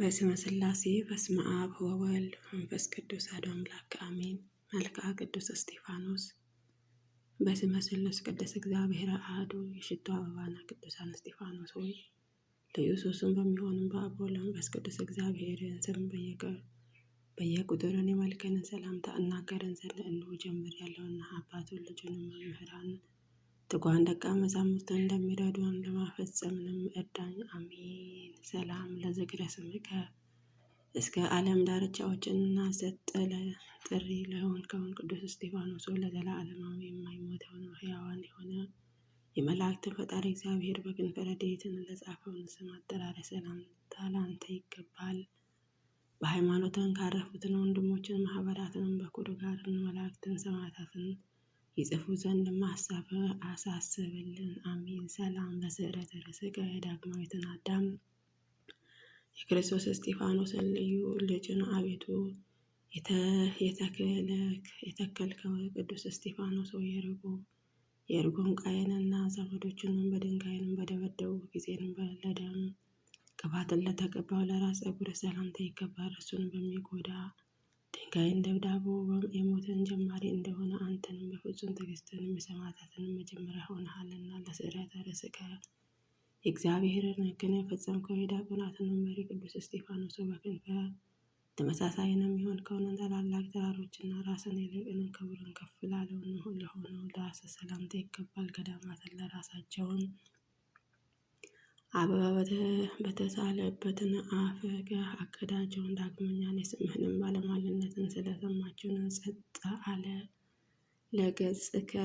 በስመ ስላሴ በስመ አብ ወወልድ መንፈስ ቅዱስ አሐዱ አምላክ አሜን። መልክዓ ቅዱስ እስጢፋኖስ በስመ ሥሉስ ቅዱስ እግዚአብሔር አሐዱ የሽቱ አበባና ቅዱሳን እስጢፋኖስ ሆይ ልዩ ሦስቱም በሚሆንም በአብ ወወልድ መንፈስ ቅዱስ እግዚአብሔርን ስም በየቁጥርን የመልክህን ሰላምታ እናገረን ዘንድ እንሆ ጀምር ያለውና አባቱን ልጁንም መምህራን ትጉሃን ደቀ መዛሙርት እንደሚረዱን ለማፈጸምንም እርዳን። አሜን። ሰላም ለዝክረ ስምከ እስከ ዓለም ዳርቻዎችንና ሰጠ ጥሪ ለሆን ከሆን ቅዱስ እስጢፋኖስ ለዘላለማዊ የማይሞተውን ሕያዋን የሆነ የመላእክትን ፈጣሪ እግዚአብሔር በክንፈ ረድኤትን ለጻፈውን ስም አጠራሪ ሰላምታ ላንተ ይገባል። በሃይማኖትን ካረፉትን ወንድሞችን ማህበራትንም በኩር ጋርን መላእክትን ሰማዕታትን ይጽፉ ዘንድ ሀሳብ አሳስብልን። አሜን። ሰላም በስዕረተ ርእስከ ዳግማዊትን አዳም የክርስቶስ እስጢፋኖስን ልዩ ልጅን አቤቱ የተከልከው ቅዱስ እስጢፋኖስ ወይ የርጎ የእርጎን ቃየንና ዘመዶችንም በድንጋይንም በደበደቡ ጊዜንም ለደም ቅባትን ለተቀባው ለራስ ጸጉር ሰላምታ ይገባል። እርሱን በሚጎዳ ጌታዬን ደብዳቤው የሞትን ጀማሪ እንደሆነ አንተንም በፍጹም ትዕግስትንም የሰማዕታትንም መጀመሪያ ሆነሃልና ለስዕለት ርስከ የእግዚአብሔርን ሕግን የፈጸምከው የዲያቆናትን መሪ ቅዱስ እስጢፋኖስ በክንፈ ተመሳሳይንም ይሆን ከሆነ ታላላቅ ተራሮችና ራስን ይልቅንም ክብርን ከፍ ላለውን ለሆነው ለራስ ሰላምታ ይገባል። ገዳማትን ለራሳቸውን አበባ በተሳለበትን አፍህ አቀዳጀውን ዳግመኛ እኔ ስምህንም ባለሟልነትን ስለሰማችሁን ጸጥ አለ። ለገጽ ከ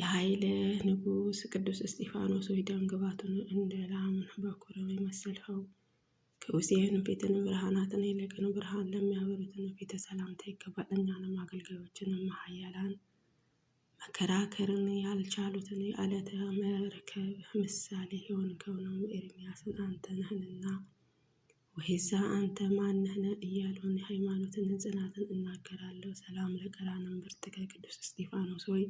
የኃይል ንጉሥ ቅዱስ እስጢፋኖስ ወይ ደም ግባቱን እንደ ላም በኩርን የመሰልኸው ከውሴን ፊትን ብርሃናትን ይልቅን ብርሃን ለሚያበሩትን ፊተ ሰላምታ ይገባል። እኛንም አገልጋዮችንም ሀያላን መከራከርን ያልቻሉትን የዓለተ መርከብ ምሳሌ የሆንከው ነው ኤርምያስን አንተ ነህንና ወይዛ አንተ ማነህነ እያሉን የሃይማኖትን ጽናትን እናገራለሁ። ሰላም ለቀራንም ብርትከ ቅዱስ እስጢፋኖስ ወይ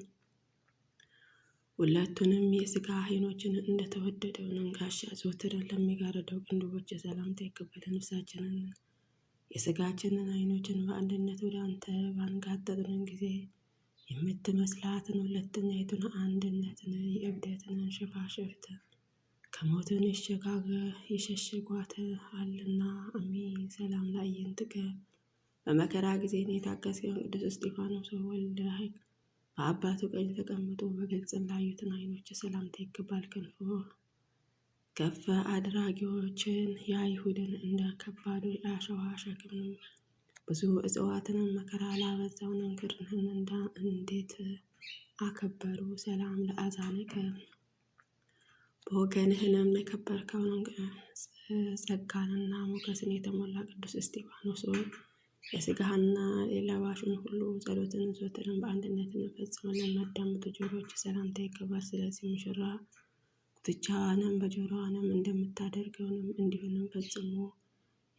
ሁለቱንም የስጋ አይኖችን እንደተወደደውን ጋሻ ዘውትርን ለሚጋርደው ቅንድቦች ሰላምታ ይገባል። ነፍሳችንን የስጋችንን አይኖችን በአንድነት ወደ አንተ ባንጋጠጥን ጊዜ የምትመስላትን ሁለተኛይቱን አንድነትን የእብደትን ሽፋሽፍት ከሞትን ይሸጋገ የሸሸጓት አልና አሜ ሰላም ላይ ለአዕይንትከ በመከራ ጊዜ ነው የታገስከውን ቅዱስ እስጢፋኖስ ወልደ ሀይቅ በአባቱ ቀኝ ተቀምጦ በግልጽ ላዩትን አይኖች ሰላምታ ይገባል። ክንፎ ከፍ አድራጊዎችን የአይሁድን እንደ ከባዱ አሸዋ ሸክም ብዙ እጽዋትንም መከራ ላበዛው መንገድህን እንዴት አከበሩ ሰላም ለአዛንከ በወገንህንም የከበርከውን ጸጋንና ሞገስን የተሞላ ቅዱስ እስጢፋኖስ ሆይ የስጋህና የለባሹን ሁሉ ጸሎትን ዞትንም በአንድነትን ፈጽመን ለሚያዳምጡ ጆሮች ሰላምታ ይገባል። ስለዚህ ሙሽራ ጉትቻዋንም በጆሮዋንም እንደምታደርገውንም እንዲሁንም ፈጽሞ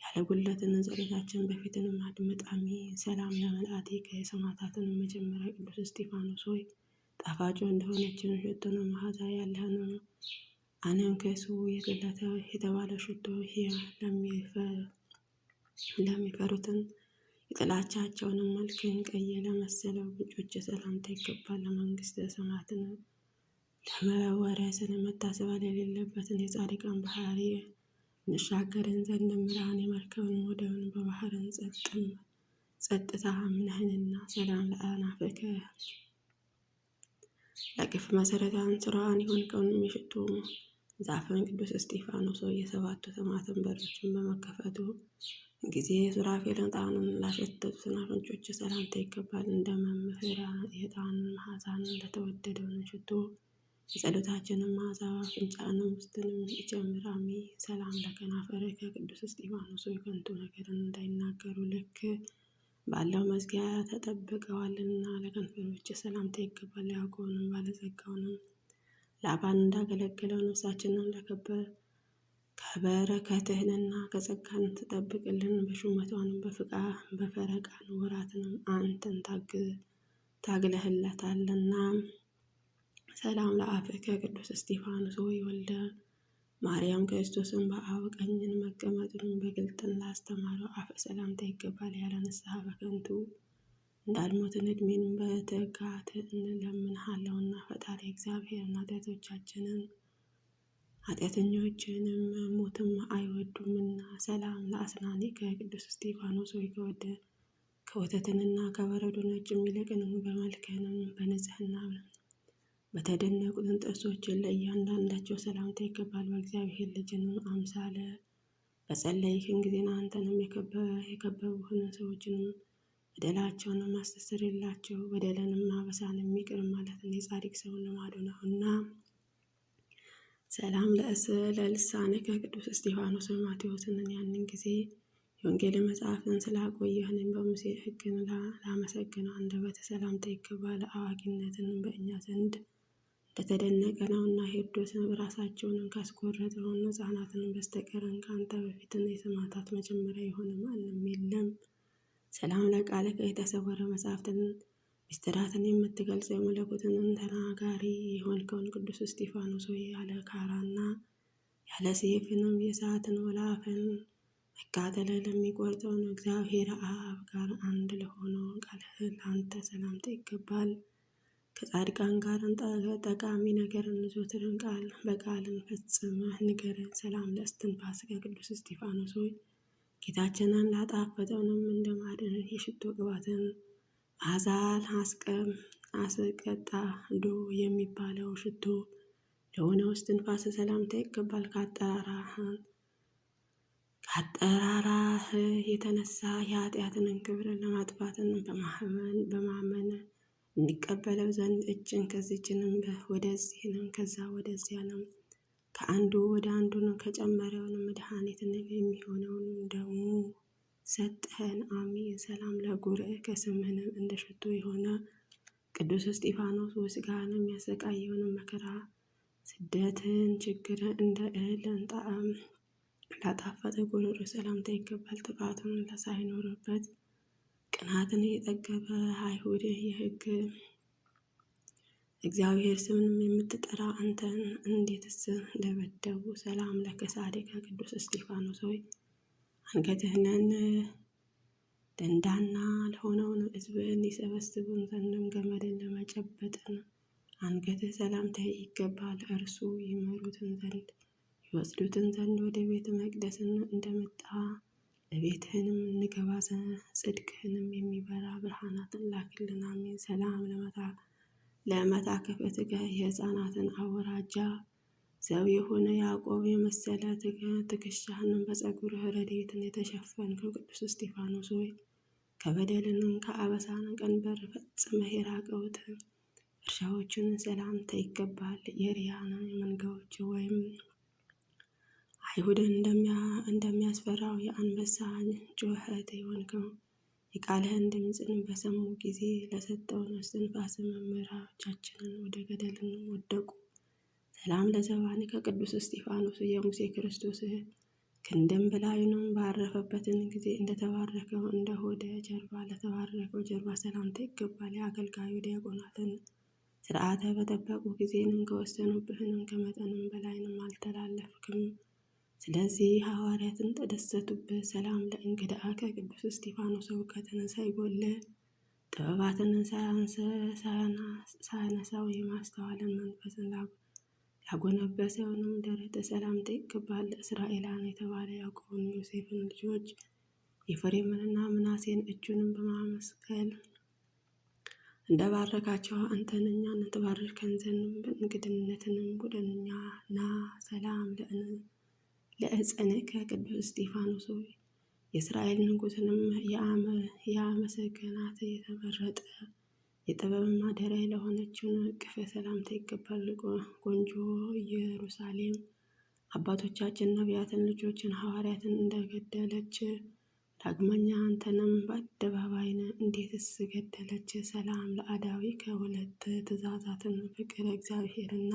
ያለ ጉለትን ጸሎታችን በፊትን እናድምጥ። አሜን። ሰላም ለመልአቴከ የሰማዕታትን መጀመሪያ ቅዱስ እስጢፋኖስ ሆይ ጣፋጭ እንደሆነችን ሽቶ ነው መዓዛ ያለህን አነም ከሱ የገለተ የተባለ ሽቶ ለሚፈሩትን የጥላቻቸውንም መልክን ቀየ ለመሰለ ጉንጮች ሰላምታ ይገባል። ለመንግስተ ሰማያትን ለመወረስን መታሰቢያ የሌለበትን የጻድቃን ባህሪ እንሻገርን ዘንድ እምርሃን የመርከብን ወደብን በባህርን ጸጥም ጸጥታ አምነህንና ሰላም ለአናፍከ ለቅፍ መሰረታን ስራዋን ይሁን ቀኑም የሽቱ ዛፈን ቅዱስ እስጢፋኖስ የሰባቱ ሰማዕታት በሮችን በመከፈቱ ጊዜ ሱራፌልን ጣኑን ላሸተቱ አፍንጮች ሰላምታ ይገባል። እንደ መምህር የጣኑን መዓዛን ለተወደደውን ሽቱ የጸሎታችንን መዓዛ አፍንጫንም ውስጥንም ይጨምር። አሜን። ሰላም ለከናፈርህ ከቅዱስ እስጢፋኖስ ሆይ ከንቱ ነገርን እንዳይናገሩ ልክ ባለው መዝጊያ ተጠብቀዋልና ለከንፈሮች ሰላምታ ይገባል። ያጎንም ባለጸጋውንም ለአባን እንዳገለገለው ነፍሳችንን ለከበር ከበረከትህንና ከጸጋን ትጠብቅልን። በሹመቷንም በፍቃ በፈረቃን ወራትንም አንተን ታግለህለታልና ሰላም ለአፍከ ቅዱስ እስጢፋኖስ ሆይ ወልደ ማርያም ክርስቶስን በአብ ቀኝን መቀመጡን በግልጥን ላስተማረው አፈ ሰላምታ ይገባል። ያለ ንስሐ በከንቱ እንዳልሞትን እድሜን በትጋት እንለምንሃለውና ፈጣሪ እግዚአብሔርን ኃጢአቶቻችንን ኃጢአተኞችንም ሞትም አይወዱምና ሰላም ለአስናኒ ከቅዱስ እስጢፋኖስ ወይ ከወደ ከወተትንና ከበረዶ ነጭም ይልቅንም በመልክንም በንጽህና በተደነቁትን ጥርሶችን ለእያንዳንዳቸው ሰላምታ ይገባል። በእግዚአብሔር ልጅንም አምሳለ በጸለይህን ጊዜን አንተንም የከበቡህን ሰዎችንም በደላቸውንም አስተሰርይላቸው። በደለንም አበሳንም ይቅር ማለትን የጻድቅ ሰው ልማዱ እና ሰላም ለእስ ለልሳንከ ቅዱስ እስጢፋኖስ ማቴዎስንን ያንን ጊዜ የወንጌል መጽሐፍን ስላቆየህንን በሙሴ ሕግን ላመሰግነው አንደበተ ሰላምታ ይገባል። አዋቂነትን በእኛ ዘንድ በተደነቀ ነውና ሄሮድስም ራሳቸውን ካስቆረጥነውና ህጻናትን በስተቀርን ከአንተ በፊትን የሰማዕታት መጀመሪያ የሆነ ማንም የለም። ሰላም ለቃልከ የተሰወረ መጽሐፍትን ምስጢራትን የምትገልጽ የመለኮትን ተናጋሪ የሆንከውን ቅዱስ እስጢፋኖስ ሆይ ያለ ካራና ያለ ሰይፍንም የእሳትን ወላፈን መቃጠልን ለሚቆርጠውን እግዚአብሔር አብ ጋር አንድ ለሆነው ቃልህ ለአንተ ሰላምታ ይገባል። ከጻድቃን ጋር ጠቃሚ ነገር እንዞትር ቃል በቃልን ፈጽመህ ንገረን። ሰላም ለእስትንፋስከ ቅዱስ እስጢፋኖስ ሆይ ጌታችንን ላጣፈጠውንም እንደ ማድን የሽቶ ቅባትን አዛል አስቀም አስቀጣ ዶ የሚባለው ሽቶ ለሆነ እስትንፋስ ሰላምታ ይገባል። ካጠራራህ ካጠራራህ የተነሳ የኃጢአትንን ክብርን ለማጥፋትን በማመን እንቀበለው ዘንድ እጅን ከዚችንም ነው፣ ከዛ ወደዚያ ነው። ከአንዱ ወደ አንዱ ነው ከጨመረውን መድኃኒትን የሚሆነውን ደግሞ ሰጠህን። አሜን። ሰላም ለጉርእ ከስምህንም እንደ ሽቱ የሆነ ቅዱስ እስጢፋኖስ ወስጋንም የሚያሰቃየውን መከራ ስደትን ችግርን እንደ እህል ጣዕም ላጣፈጠ ጉሮሮ ሰላምታ ይገባል። ጥቃቱን ለሳይኖርበት ቅንዓትን የጠገበ አይሁድ የህግ እግዚአብሔር ስምንም የምትጠራ አንተን እንዴትስ ደበደቡ? ሰላም ለከ ቅዱስ እስጢፋኖስ ሆይ አንገትህንን ደንዳና ለሆነውን ህዝብን ይሰበስቡን ዘንድም ገመድን ለመጨበጥን አንገትህ ሰላምታ ይገባል። እርሱ ይመሩትን ዘንድ ይወስዱትን ዘንድ ወደ ቤተ መቅደስን እንደመጣ እቤትህንም እንገባ ጽድቅህንም የሚበራ ብርሃናትን ላክልን አሜን። ሰላም ለመታ ለመታከፈትከ የሕፃናትን አውራጃ ዘው የሆነ ያዕቆብ የመሰለ ትከሻህንም በጸጉርህ ረድኤትን የተሸፈንከው ቅዱስ እስጢፋኖስ ሆይ ከበደልንም ከአበሳን ቀንበር ፈጽመህ የራቀውት እርሻዎቹን ሰላምታ ይገባል። የሪያና መንጋዎች ወይም አይሁድን እንደሚያስፈራው የአንበሳ ጩኸት የሆንከው የቃልህን ድምፅን በሰሙ ጊዜ ለሰጠውን እስትንፋስ መምህራቻችንን ወደ ገደል ወደቁ። ሰላም ለዘባን ከቅዱስ እስጢፋኖስ የሙሴ ክርስቶስ ክንድም በላዩንም ባረፈበትን ጊዜ እንደተባረከው እንደ ሆደ ጀርባ ለተባረከው ጀርባ ሰላምታ ይገባል። የአገልጋዩ ዲያቆናትን ስርዓተ በጠበቁ ጊዜንም ከወሰኑብህንም ከመጠንም በላይንም አልተላለፍክም። ስለዚህ ሐዋርያትን ተደሰቱበት። ሰላም ለእንግድአከ ቅዱስ እስጢፋኖስ ወእውቀተ ተነሣ ይጎለ ጥበባትን ሳያነሳ የማስተዋልን መንፈስን ያጎነበሰ የሆነም ደረተ ሰላምታ ይገባል። እስራኤላን የተባለ ያዕቆብን ዮሴፍን ልጆች ኤፍሬምንና ምናሴን እጁንም በማመስገን እንደ ባረካቸው አንተን እኛን ትባርከን ዘንድ በእንግድነትንም ቡድንኛ ና ሰላም ለእን ለእፀነከ ከቅዱስ እስጢፋኖስ ሆይ የእስራኤል ንጉሥንም የአመሰገናት የተመረጠ የጥበብ ማደሪያ ለሆነችውን እቅፍ ሰላምታ ይገባል። ቆንጆ ኢየሩሳሌም አባቶቻችን ነቢያትን፣ ልጆችን፣ ሐዋርያትን እንደገደለች ዳግመኛ አንተንም በአደባባይን እንዴትስ ገደለች? ሰላም ለአዳዊ ከሁለት ትእዛዛትን ፍቅር እግዚአብሔርና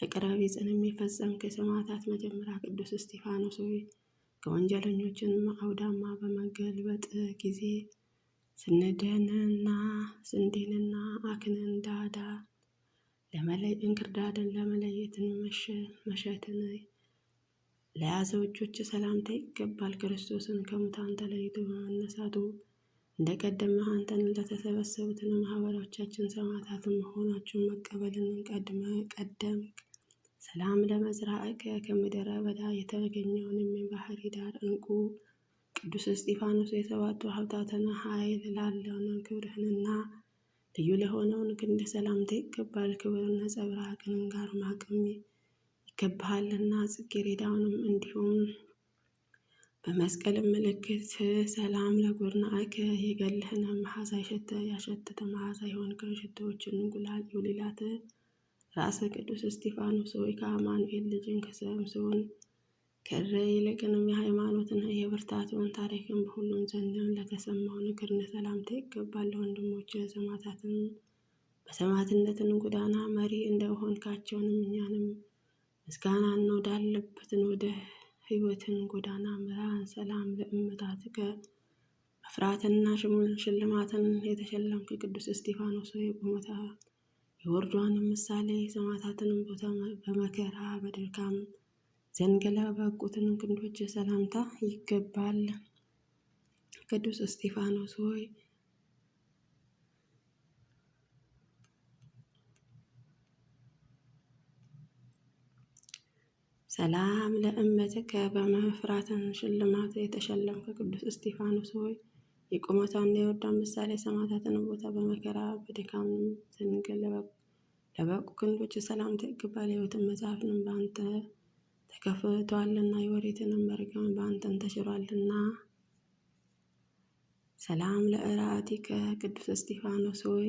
በቀራቢ ጽንም የፈጸምክ የሰማዕታት መጀመሪያ ቅዱስ እስጢፋኖስ ሆይ ከወንጀለኞችን አውዳማ በመገልበጥ ጊዜ ስንደንና ስንዴንና አክንን ዳዳ እንክርዳድን ለመለየትን መሸትን ለያዘው እጆች ሰላምታ ይገባል። ክርስቶስን ከሙታን ተለይቶ በመነሳቱ እንደ ቀደመ አንተን ለተሰበሰቡትን ማህበሮቻችን ሰማዕታትን መሆናችሁን መቀበልን ቀደም ሰላም ለመዝራእከ ከምድረ በዳ የተገኘውንም የባህር ዳር እንቁ ቅዱስ እስጢፋኖስ የሰባቱ ሀብታትና ኃይል ላለውን ክብርህንና ልዩ ለሆነውን ክንድ ሰላምታ ይገባል። ክብር ነጸብራቅን ጋር ማቅም ይገባሃልና ጽጌረዳውንም እንዲሁም በመስቀል ምልክት ሰላም ለጎርናእከ የገልህን መሐዛ ሸተ ያሸተተ መሐዛ የሆንከ ሽቶዎችን እንቁላል ዮሊላት ራሰ ቅዱስ እስጢፋኖስ ሆይ ከአማኑኤል ልጅን ከሰምሶን ከረ ይልቅንም የሃይማኖትን የብርታቱን ታሪክን በሁሉም ዘንድም ለተሰማው ንግርነ ሰላምታ ይገባል። ወንድሞች ሰማዕታትን በሰማዕትነትን ጎዳና መሪ እንደሆንካቸውንም እኛንም ምስጋና እንወዳለበትን ወደ ህይወትን ጎዳና ምራን። ሰላም ለእመታትከ መፍራትና ሽልማትን የተሸለምክ ቅዱስ እስጢፋኖስ ሆይ ቁመታ የወርዷንም ምሳሌ የሰማዕታትንም ቦታ በመከራ በድካም ዘንገላ በቁትን ክንዶች ሰላምታ ይገባል። ቅዱስ እስጢፋኖስ ሆይ ሰላም ለእመትከ በመፍራትን ሽልማት የተሸለምከ ቅዱስ እስጢፋኖስ ሆይ የቁመቷና የወርዷን ምሳሌ የሰማዕታትን ቦታ በመከራ በድካም ዘንገላ ለበቁ ክንዶች ሰላምታ ይገባል። ሕይወትን መጽሐፍንም በአንተ ተከፍቷልና የወሬትንም መርገም በአንተን ተሽሯልና። ሰላም ለእራቲከ ቅዱስ እስጢፋኖስ ሆይ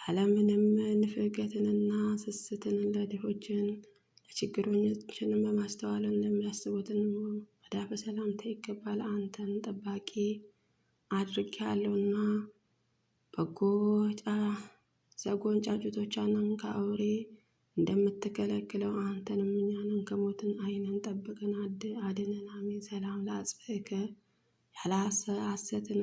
ያለምንም ንፍገትንና ስስትን ለድሆችን ለችግረኞችንም በማስተዋልን የሚያስቡትን መዳፈ ሰላምታ ይገባል። አንተን ጠባቂ ያለውና በጎ ዘጎን ጫጩቶቿ ከአውሬ እንደምትከለክለው አንተንም እኛንም ከሞትን አይነን ጠብቀን አድነን። አሜን። ሰላም ለአጽብዕከ ያለ ሐሰትን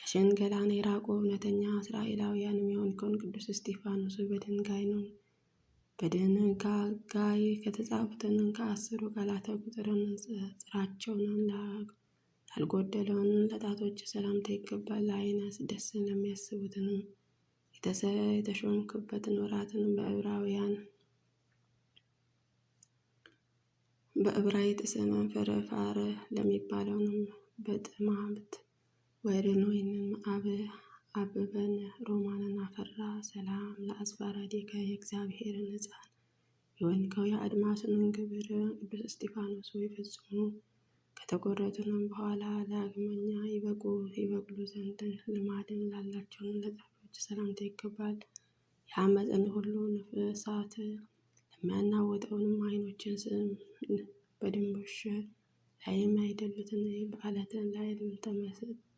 ከሽንገላን የራቁ እውነተኛ እስራኤላውያን የሆንከውን ቅዱስ እስጢፋኖስ በድንጋይ ነው በድንጋይ ከተጻፉትን ከአስሩ ቃላተ ቁጥርን ጽራቸውን ላልጎደለውን ለጣቶች ሰላምታ ይገባል። ለአይነ ደስን ለሚያስቡትንም የተሾምክበትን ወራትን በዕብራውያን በዕብራይጥ ስምን ፍርፋር ለሚባለውንም በጥማምት ወይን ወይንም አብ አብበን ሮማንን አፈራ። ሰላም ለአስፋራዴከ የእግዚአብሔርን ሕፃን የወንከው የአድማስን ግብር ቅዱስ እስጢፋኖስ ወይ ፈጽሙ ከተቆረጥንም በኋላ ዳግመኛ ይበቁ ይበቅሉ ዘንድ ልማድን ላላቸውን ለጠፉ ሰላምታ ይገባል። የአመፅን ሁሉ ነፍሳት ለሚያናወጠውንም አይኖችን በድንቦች ላይም አይደሉትን በዓለትን ላይ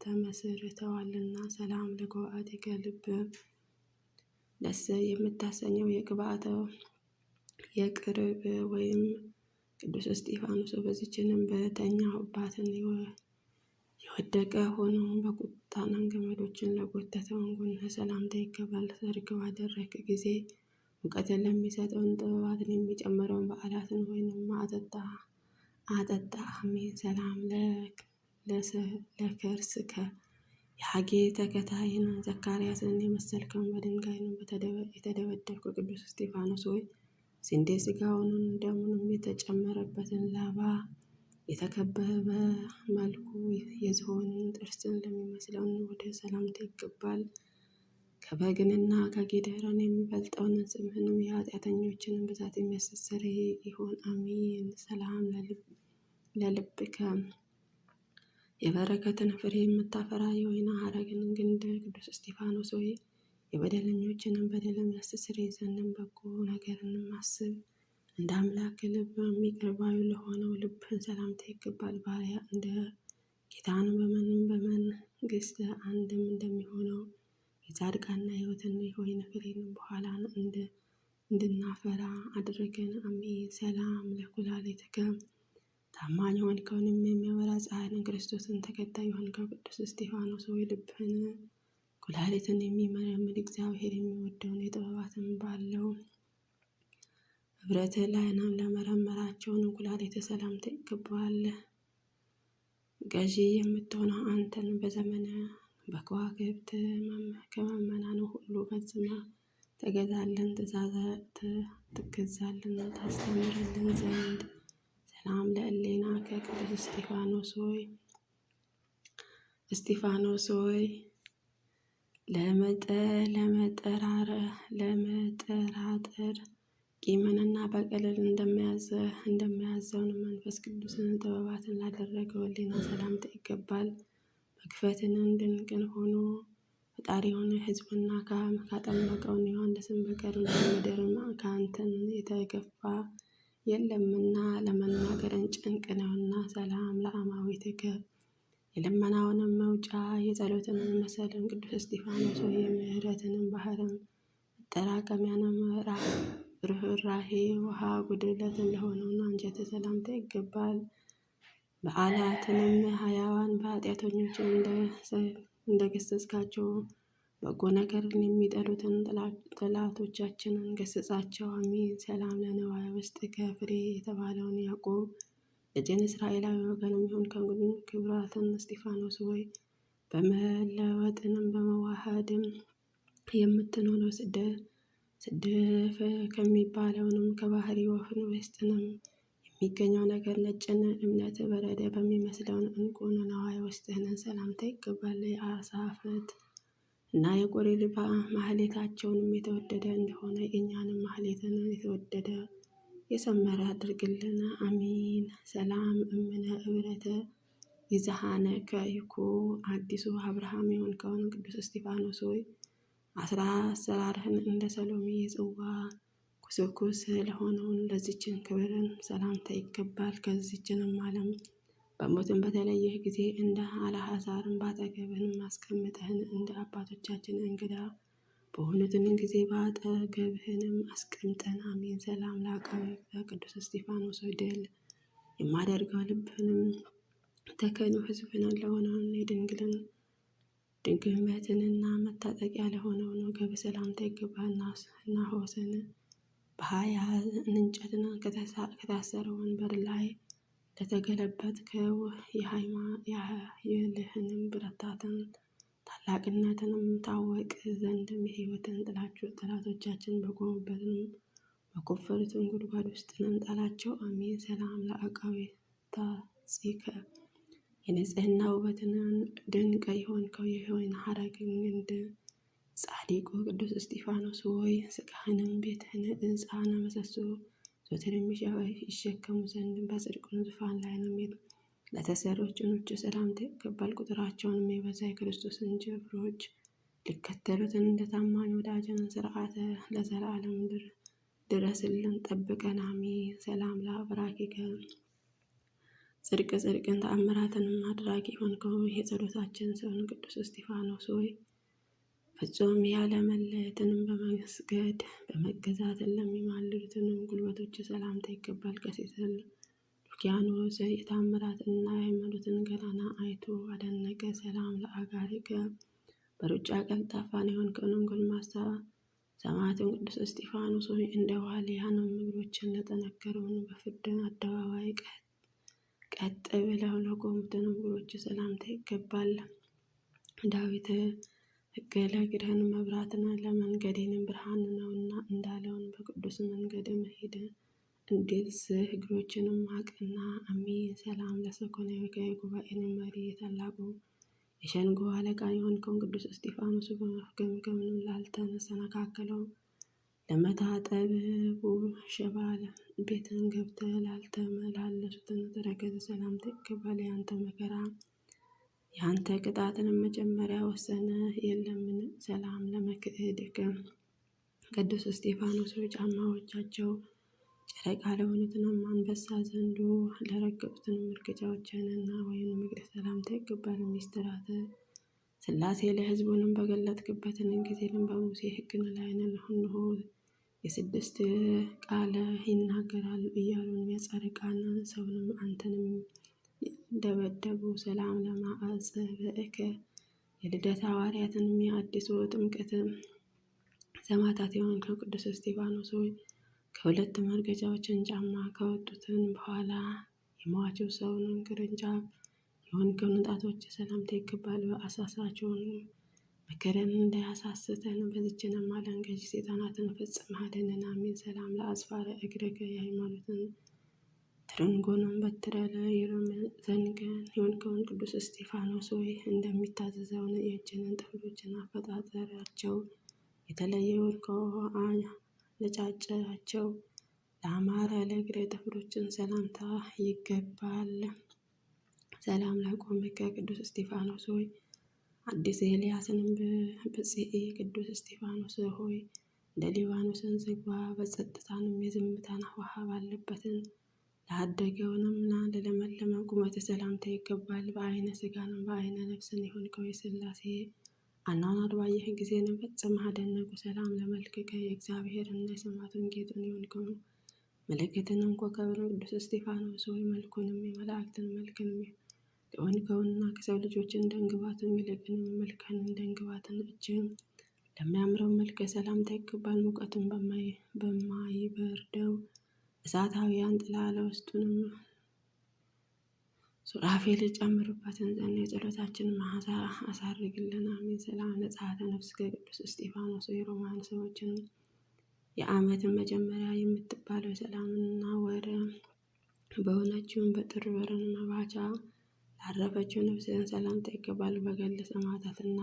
ተመስርተዋልና። ሰላም ለግብአት ከልብ ደስ የምታሰኘው የቅብአተ የቅርብ ወይም ቅዱስ እስጢፋኖስ በዚችንም በተኛሁባትን የወደቀ ሆኖ በቁጣና ገመዶችን ለጎተተውን ወንጎና ሰላምታ ይገባል። ሰርገው አደረክ ጊዜ እውቀትን ለሚሰጠውን ጥበባትን የሚጨምረውን በዓላትን ወይንም አጠጣ አጠጣ አሜን ሰላም ለከርስከ የሀጌ ተከታይን ዘካርያስን የመሰልከውን በድንጋይንም የተደበደብኩ ቅዱስ እስጢፋኖስ ሆይ ስንዴ ስጋውንም ደሙንም የተጨመረበትን ላባ የተከበበ መልኩ የዝሆን ጥርስን ለሚመስለውን ወደ ሰላምታ ይገባል። ከበግንና ከጊደርን የሚበልጠውን ጽምህንም የኃጢአተኞችን ብዛት የሚያስተሰር ይሆን። አሜን። ሰላም ለልብከ የበረከትን ፍሬ የምታፈራ የወይን ሐረግን ግንድ ቅዱስ እስጢፋኖስ ሆይ የበደለኞችንም በደል የሚያስተስር የዘንን በጎ ነገርንም አስብ። እንደ አምላክ ልብ ይቅር ባዩ ለሆነው ልብህን ሰላምታ ይገባል። ባሪያ እንደ ጌታን በመንም በመንግስት አንድም እንደሚሆነው የጻድቃና ሕይወትን የወይን ፍሬን በኋላ እንድናፈራ አድርገን አሜን። ሰላም ለኩላሊትከ ታማኝ ሆንከውንም የሚያበራ ፀሐይን ክርስቶስን ተከታይ ሆንከው ቅዱስ እስጢፋኖስ ወይ ልብህን ኩላሊትን የሚመረምድ እግዚአብሔር የሚወደውን የጥበባትን ባለው ኅብረት ለዓይናም ለመረመራቸውን እንቁላል ሰላምታ ይገባዋል። ገዢ የምትሆነው አንተን በዘመነ በከዋክብት ከመመናን ሁሉ ፈጽማ ተገዛለን ትገዛልን ታስተምርልን ዘንድ ሰላም ለእሌና ከቅዱስ እስጢፋኖስ ሆይ እስጢፋኖስ ሆይ ለመጠራጠር ቂምንና በቀልን እንደመያዘ እንደመያዘውን መንፈስ ቅዱስን ጥበባትን ላደረገው ሕሊና ሰላምታ ይገባል። መክፈትንን ድንቅን ሆኖ ፈጣሪ የሆነ ህዝብና ካጠመቀውን ዮሐንስን በቀር ምድርም ከአንተን የተገፋ የለምና ለመናገርን ጭንቅ ነውና ሰላም ለአማዊትከ የልመናውንም መውጫ የጸሎትንም መሰልን ቅዱስ እስጢፋኖስ የምህረትንም ባህርም መጠራቀሚያንም ራፍ ርኅራሄ ውሃ ጉድለት ለሆነውና አንጀተ ሰላምታ ይገባል። በዓላትንም ሀያዋን በኃጢአተኞች እንደ ገሰጽካቸው በጎ ነገርን የሚጠሉትን ጠላቶቻችንን ገስጻቸው። አሚን። ሰላም ለነዋይ ውስጥ ከፍሬ የተባለውን ያዕቆብ ልጅን እስራኤላዊ ወገን የሚሆን ከእንግዲህ ክብራትን እስጢፋኖስ ወይ በመለወጥንም በመዋሃድም የምትኖረው ስደት ስድፍ ከሚባለውንም ከባህሪ ወፍን ውስጥንም የሚገኘው ነገር ነጭን እምነት በረደ በሚመስለውን እንቁን ነዋይ ውስጥህንን ሰላምታ ይገባል። የአሳፈት እና የቆሬ ልባ ማህሌታቸውንም የተወደደ እንደሆነ የእኛንም ማህሌትን የተወደደ የሰመረ አድርግልን። አሚን። ሰላም እምነ እብረተ ይዛሃነ ከይኩ አዲሱ አብርሃም የሆንከውን ቅዱስ እስጢፋኖስ ሆይ አስራ አሰራርህን እንደ ሰሎሜ የጽዋ ኩስኩስ ለሆነውን ለዚችን ክብርን ሰላምታ ይገባል። ከዚችንም ዓለም በሞትን በተለየህ ጊዜ እንደ አልዓዛርን ባጠገብህን አስቀምጠህን እንደ አባቶቻችን እንግዳ በሆኑትን ጊዜ ባጠገብህንም አስቀምጠን። አሜን። ሰላም ላቀው ለቅዱስ እስጢፋኖስ ድል የማደርገው ልብህንም ተከኑ ህዝብን ለሆነውን የድንግልን ድግመትንና መታጠቂያ ለሆነው ነገ በሰላምታ ይገባህና ናሖስን በሀያ እንጨትና ከታሰረ ወንበር ላይ ለተገለበጥከው የልህንም ብረታትን ታላቅነትንም ታወቅ ዘንድም የሕይወትን ጥላቸው ጠላቶቻችን በቆሙበትም በቆፈሩትን ጉድጓድ ውስጥ ነን ጣላቸው። አሜን። ሰላም ለአቃዊ ታጺከ የንጽህና ውበትን ድንቅ የሆንከው የህይወን ሐረግ እንደ ጻድቁ ቅዱስ እስጢፋኖስ ወይ ስጋህንም ቤትህን ሕንፃህን አመሰሱ ዞትንም ይሸከሙ ዘንድ በጽድቁን ዙፋን ላይ ነው ለተሰሩ ጭኖች ሰላምታ ይገባል። ቁጥራቸውንም የበዛ የክርስቶስን ጀብሮች ሊከተሉትን እንደ ታማኝ ወዳጅን ስርዓተ ለዘላለም ድረስልን ጠብቀን አሜን። ሰላም ለአብራኪከ ጽድቅ ጽድቅን ተአምራትንም አድራጊ ሆንከው የጸሎታችን ሰውን ቅዱስ እስጢፋኖስ ሆይ ፍጹም ያለመለየትንም በመስገድ በመገዛትን ለሚማልዱትንም ጉልበቶች ሰላምታ ይገባል። ቀሲስ ሉኪያኖስ የታምራትና የሃይማኖትን ገናና አይቶ አደነቀ። ሰላም ለአጋሪከ በሩጫ ቀልጣፋን የሆንከውንም ጎልማሳ ሰማዕትን ቅዱስ እስጢፋኖስ ሆይ እንደ ዋልያን እግሮችን ለጠነከረውን በፍርድን አደባባይ ቀጥ ቀጥ ብለው ለቆሙትን እግሮቹ ሰላምታ ይገባል። ዳዊት ለእግርህን መብራትን ለመንገዴንም ብርሃን ነውና እንዳለውን በቅዱስ መንገድ መሄድ እንደዚህ እግሮችንም አቅና። አሜን። ሰላም ለሰኮናዊከ ጉባኤን መሪ የታላቁ የሸንጎ አለቃ የሆንከውን ቅዱስ እስጢፋኖስ በመፍገምገም ላልተሰነካከለው ለመታጠብ ሽባ ቤትን ገብተህ ላልተመላለሱትን ተረከዘ ሰላም ይገባል። ያንተ መከራ ያንተ ቅጣትን መጀመሪያ ወሰነ የለምን ሰላም ለመክህድከ ቅዱስ እስጢፋኖስ ሆይ ጫማዎቻቸው ጨረቃ ለሆኑትንም አንበሳ ዘንዶ ለረገጡትንም እርግጫዎችህንና ወይም ምግድ ሰላም ይገባል። ሚስትራት ስላሴ ለህዝቡንም በገለጥክበትን ጊዜ ልንበሙሴ ሕግን ላይነን ሁንሆን የስድስት ቃለ ይናገራል እያሉ የጸር ቃል ሰውንም አንተንም ደበደቡ ሰላም ለማዕፀ በእከ የልደት ሐዋርያትንም የአዲሱ ጥምቀት ሰማዕታት የሆን ከቅዱስ እስጢፋኖስ ሆይ ከሁለት መርገጫዎችን ጫማ ከወጡትን በኋላ የሟቸው ሰውን ቅርንጫፍ የሆንከው ንጣቶች ሰላምታ ይገባል። በአሳሳቸውን መከረን እንዳያሳስተን በዝችን ማዳን ሴጣናትን ፍጽም አድነን። አሜን። ሰላም ለአስፋረ እግረገ የሃይማኖትን ትርንጎንን በትረለ ይርም ዘንገን የሆንከውን ቅዱስ እስጢፋኖስ ወይ እንደሚታዘዘውን የእጅንን ጥፍሮችን አፈጣጠራቸው የተለየ ወርቀ ነጫጫቸው ለአማረ ለእግረ ጥፍሮችን ሰላምታ ይገባል። ሰላም ላቆምከ ቅዱስ እስጢፋኖስ ወይ አዲስ ኤልያስንም ብጽዕ ቅዱስ እስጢፋኖስ ሆይ እንደ ሊባኖስን ዝግባ በጸጥታንም የዝምታን ውሃ ባለበትን ለአደገውንምና ለለመለመ ቁመት ሰላምታ ይገባል። በአይነ ስጋንም በአይነ ነፍስን የሆንከው የሥላሴ አናኗር ባየህ ጊዜንም ፈጽመህ አደነቁ። ሰላም ለመልክከ የእግዚአብሔርና የሰማቱን ጌጥን የሆንከውን ምልክትንም ኮከብን ቅዱስ እስጢፋኖስ ሆይ መልኩንም የመላእክትን መልክንም ከወንፈውንና ከሰው ልጆችን ደንግባትን ይልቅን መልካን ደንግባትን እጅም ለሚያምረው መልከ ሰላምታ ይገባል። ሙቀትን በማይበርደው እሳታዊያን ጥላ ለውስጡንም ሱራፌ ጨምርበትን ዘንድ የጸሎታችን መዓዛ አሳርግልን። አሜን። ሰላም ለጸአተ ነፍስ ከቅዱስ እስጢፋኖስ የሮማን ሰዎችን የአመትን መጀመሪያ የምትባለው ሰላምና ወረ በሆነችውን በጥር ወርን መባቻ ላረፈችው ነፍስህን ሰላምታ ይገባል። በገል ሰማዕታትና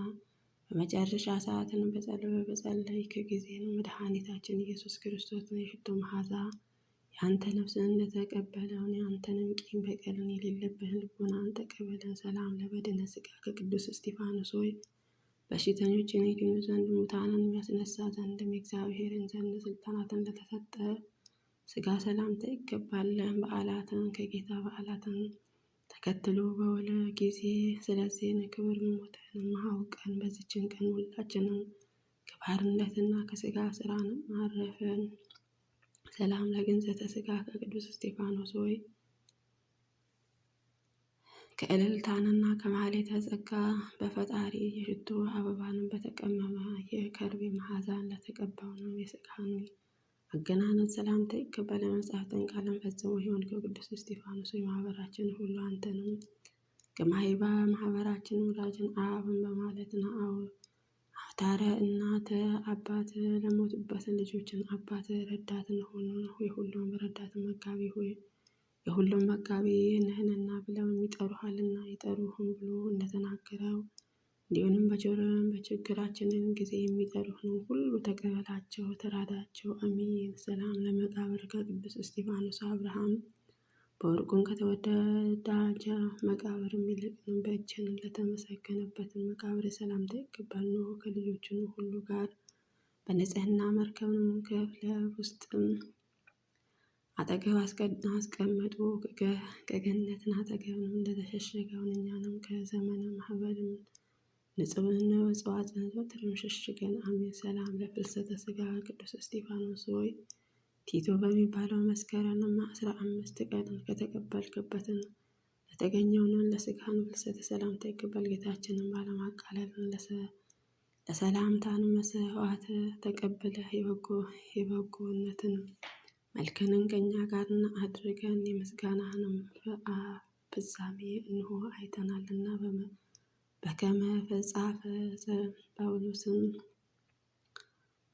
በመጨረሻ ሰዓትን በጸለይ በጸለይ ከጊዜ ነው መድኃኒታችን ኢየሱስ ክርስቶስን የሽቶ መዓዛ የአንተ ነፍስን እንደተቀበለውን የአንተንም ቂም በቀልን የሌለብህን ልቦናን ተቀበለን። ሰላም ለበድነ ሥጋ ከቅዱስ እስጢፋኖስ ሆይ በሽተኞችን ይድኑ ዘንድ ሙታንን የሚያስነሳ ዘንድም የእግዚአብሔርን ዘንድ ስልጣናትን ለተሰጠ ስጋ ሰላምታ ይገባል። በዓላትን ከጌታ በዓላትን ተከትሎ በወለ ጊዜ ስለዚህ ክብር ሞተን ማውቀን በዚችን ቀን ሁላችንም ከባርነትና ከስጋ ስራን አረፍን። ሰላም ለግንዘተ ስጋ ከቅዱስ እስጢፋኖስ ሆይ ከእልልታንና ከማህሌተ ጸጋ በፈጣሪ የሽቱ አበባንም በተቀመመ የከርቤ መዓዛን ለተቀባው ነው የስጋን አገናነት ሰላምታ ይገባል። የመጽሐፍትን ቃል ፈጽሞ ሕይወን ከቅዱስ እስጢፋኖስ ወይ ማህበራችን ሁሉ አንተንም ከማይባ ማህበራችን ወዳጅን አብን በማለት ነው። አብ አታረ እናተ አባት ለሞቱበት ልጆችን አባት ረዳትን ሆኑ የሁሉም ረዳት መጋቢ ሆይ የሁሉም መጋቢ ነህንና ብለው የሚጠሩሃልና ይጠሩህም ብሎ እንደተናገረው እንዲሁም በችግር በችግራችንን ጊዜ የሚጠሩህን ሁሉ ተቀበላቸው ተራዳቸው። አሚን። ሰላም ለመቃብር ከቅዱስ እስጢፋኖስ አብርሃም በወርቁን ከተወደዳጃ መቃብር ይልቅንም በእጅህን ለተመሰገነበትን መቃብር ሰላምታ ይገባል። ከልጆችን ሁሉ ጋር በንጽህና መርከብን ክፍለ ውስጥም አጠገብ አስቀምጦ ከገነትን አጠገብንም እንደተሸሸገውን እኛንም ከዘመነ ማህበርም ንጽህና እጽዋት ዘወትር ሸሽገን አሜን። ሰላም ለፍልሰተ ስጋ ቅዱስ እስጢፋኖስ ሆይ ቲቶ በሚባለው መስከረም አስራ አምስት ቀን ከተቀበልክበትን ለተገኘውንን ለስጋህን ፍልሰተ ሰላምታ ይገባል። ጌታችንን ባለማቃለልን ለሰላምታን መስዋዕት ተቀብለህ የበጎነትን መልክንን ከእኛ ጋር አድርገን የምስጋናህንም ፍጻሜ እንሆ አይተናልና በከመ ፈጻፈ ጳውሎስም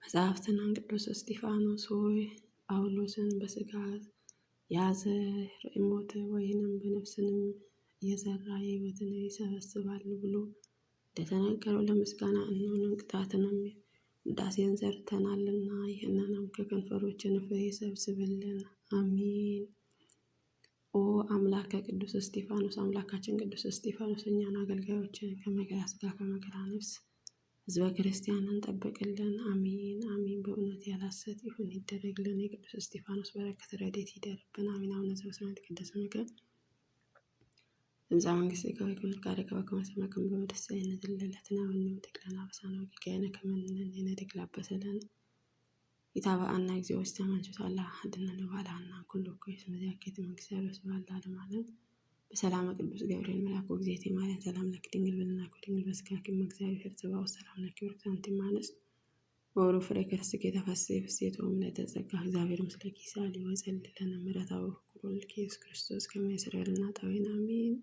መጽሐፍትን ቅዱስ እስጢፋኖስ ሆይ ጳውሎስን በስጋ ያዘ ሞት ወይንም በነፍስንም የዘራ የሕይወትን ይሰበስባሉ ብሎ እንደተናገረው ለምስጋና እንሆን ቅጣትንም ውዳሴን ዘርተናልና ይህንንም ከከንፈሮችን ፍሬ ይሰብስብልን። አሚን። ኦ አምላከ ቅዱስ እስጢፋኖስ አምላካችን ቅዱስ እስጢፋኖስ እኛን አገልጋዮችን ከመከራስ ጋር ከመከራ ነፍስ ህዝበ ክርስቲያንን ጠብቅልን። አሚን አሚን። በእውነት ያላሰት ይሁን ይደረግልን። የቅዱስ እስጢፋኖስ በረከት ረዴት ይደርብን። አሚን። ቅዱስ ምክር መንግስት አቡነ ዘበሰማያት ይትቀደስ ስምከ ትምጻእ መንግሥትከ ወይኩን ፈቃድከ በከመ በምድር ከመ በሰማይ የተባአና እግዚኦ ተመንችቷላ አድነ ለባላና ኩሉ እኮ የስመዚያ ኬት መንግስት ባላ ለማለት በሰላም ቅዱስ ገብርኤል መልአኩ ጊዜቴ ማርያም ሰላም ለኪ ድንግል በልናኩ ድንግል በስጋኪም እግዚአብሔር ጽባው ሰላም ለኪ ወርክሳንቲ ማነስ ወሩ ፍሬ ከርስኪ ፍሴት ፍሴቶም ለተጸጋ እግዚአብሔር ምስለኪ ሳሊ ወጸልለነ ምሕረታዊ ኩሎልኪ ኢየሱስ ክርስቶስ ከመ ይስረየልና አሜን።